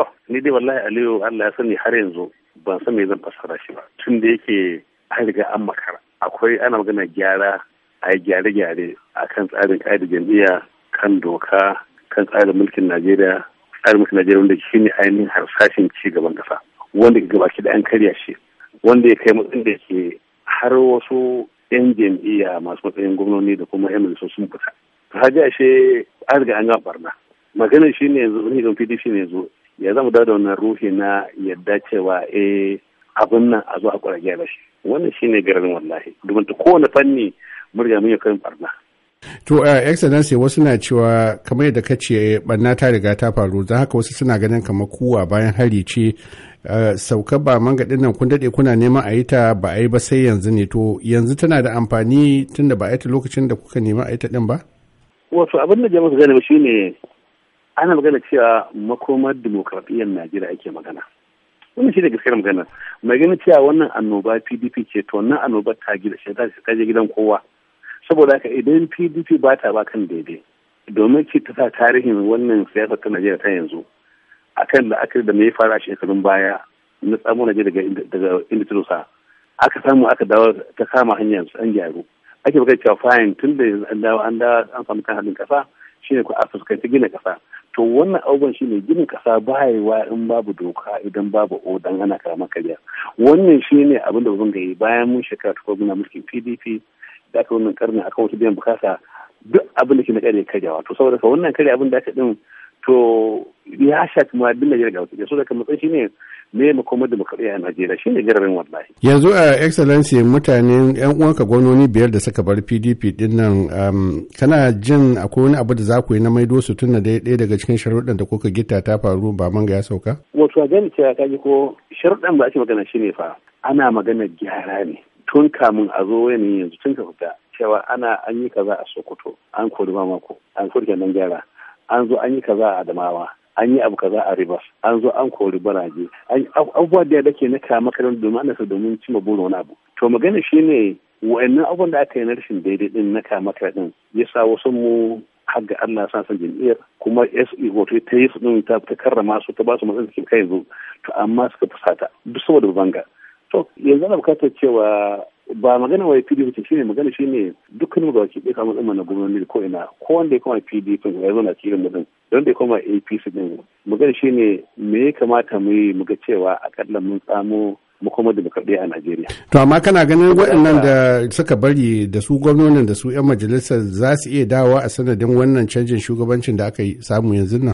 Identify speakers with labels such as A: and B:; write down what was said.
A: To, ni dai wallahi Aliyu Allah ya sani har yanzu ban san me zan fassara shi ba. Tun da yake an riga an makara. Akwai ana magana gyara a yi gyare-gyare a kan tsarin ƙa'idar jam'iyya kan doka kan tsarin mulkin Najeriya tsarin mulkin Najeriya wanda shi ne ainihin harsashin ci gaban ƙasa wanda gaba ki da an karya shi wanda ya kai matsayin da ke har wasu 'yan jam'iyya masu matsayin gwamnoni da kuma 'yan majalisar sun fita. Ta ji ashe an riga an gama barna. magana shi ne yanzu wani gan pdp ne yanzu ya zama da wannan ruhi na yadda cewa eh abin nan a zo a kwarage gyara shi wannan shi ne garin wallahi domin ta kowane fanni murya mun yi kan barna.
B: To, uh, Excellency wasu na cewa kamar yadda ka ce ɓanna ta riga ta faru, za haka wasu suna ganin kamar kuwa bayan hari ce eh, sauka ba mangaɗin nan kun daɗe kuna neman a yi ta ba a yi ba sai yanzu ne. To, yanzu tana da amfani tunda ba a yi ta lokacin da kuka nema a yi ta ɗin ba?
A: Wato abin da jama'a gane shi ne ana magana cewa makomar dimokuraɗiyyar najeriya ake magana wannan shi da gaskiyar magana mai ganin cewa wannan annoba pdp ce to wannan annoba ta gida shi ta je gidan kowa saboda haka idan pdp ba ta ba kan daidai domin ce ta sa tarihin wannan siyasa ta najeriya ta yanzu akan la'akari da mai fara shekarun baya na tsamo najeriya daga inda ta dosa aka samu aka dawo ta kama hanyar an gyaru ake bukatar cewa fayin tun da an dawo an samu kan haɗin ƙasa shine ku a fuskanci gina ƙasa to wannan abubuwan shine ginin kasa ba yiwa in babu doka idan babu odan ana karama karya wannan shine abin da ga yi bayan mun shekara ta muna mulkin pdp da aka wannan karni akan wata biyan bukata duk abin da ke na karya karyawa to saboda wannan karya abin da aka din to ya shafi ma abin Najeriya ga wata so daga matsayi shine me makomar demokradiyya a Najeriya shi ne jararin wallahi
B: yanzu a uh, excellency mutane yan uwanka gwamnoni biyar da suka bar PDP din nan um, kana jin akwai wani abu da za ku yi na maido su tunna da ɗaya daga cikin sharuɗan da kuka gita ta faru ba manga ya sauka
A: wato a gani cewa kaji ko sharuɗan ba ake magana shi ne fa ana magana gyara ne tun kamun a zo yanayin yanzu tun ka fita cewa ana an yi kaza a Sokoto an kori mamako an kori nan gyara an zo an yi kaza a adamawa an yi abu kaza a ribas an zo an kori baraje abubuwa da dake na kama kadan domin ana domin cimma burin wani abu to magana shine wa'annan abubuwan da aka yi na rashin daidai din na kama din ya sa wasu mu har ga Allah sa san jam'iyyar kuma SE wato ta yi su din ta karrama su ta ba su matsayin kai zo to amma suka fusata duk saboda banga to yanzu ana bukatar cewa ba magana wai pdp ce shine magana shine dukkan mu wake ɗaya kamar na gwamnati ko ina ko wanda ya koma pdp ya zo na cikin mutum don da ya koma apc din magana shine me ya kamata mu yi muga cewa akalla mun tsamo da demokradiyya a Najeriya.
B: To amma kana ganin waɗannan da suka bari da su gwamnonin da su 'yan majalisar za su iya dawowa a sanadin wannan canjin shugabancin da aka samu yanzu nan?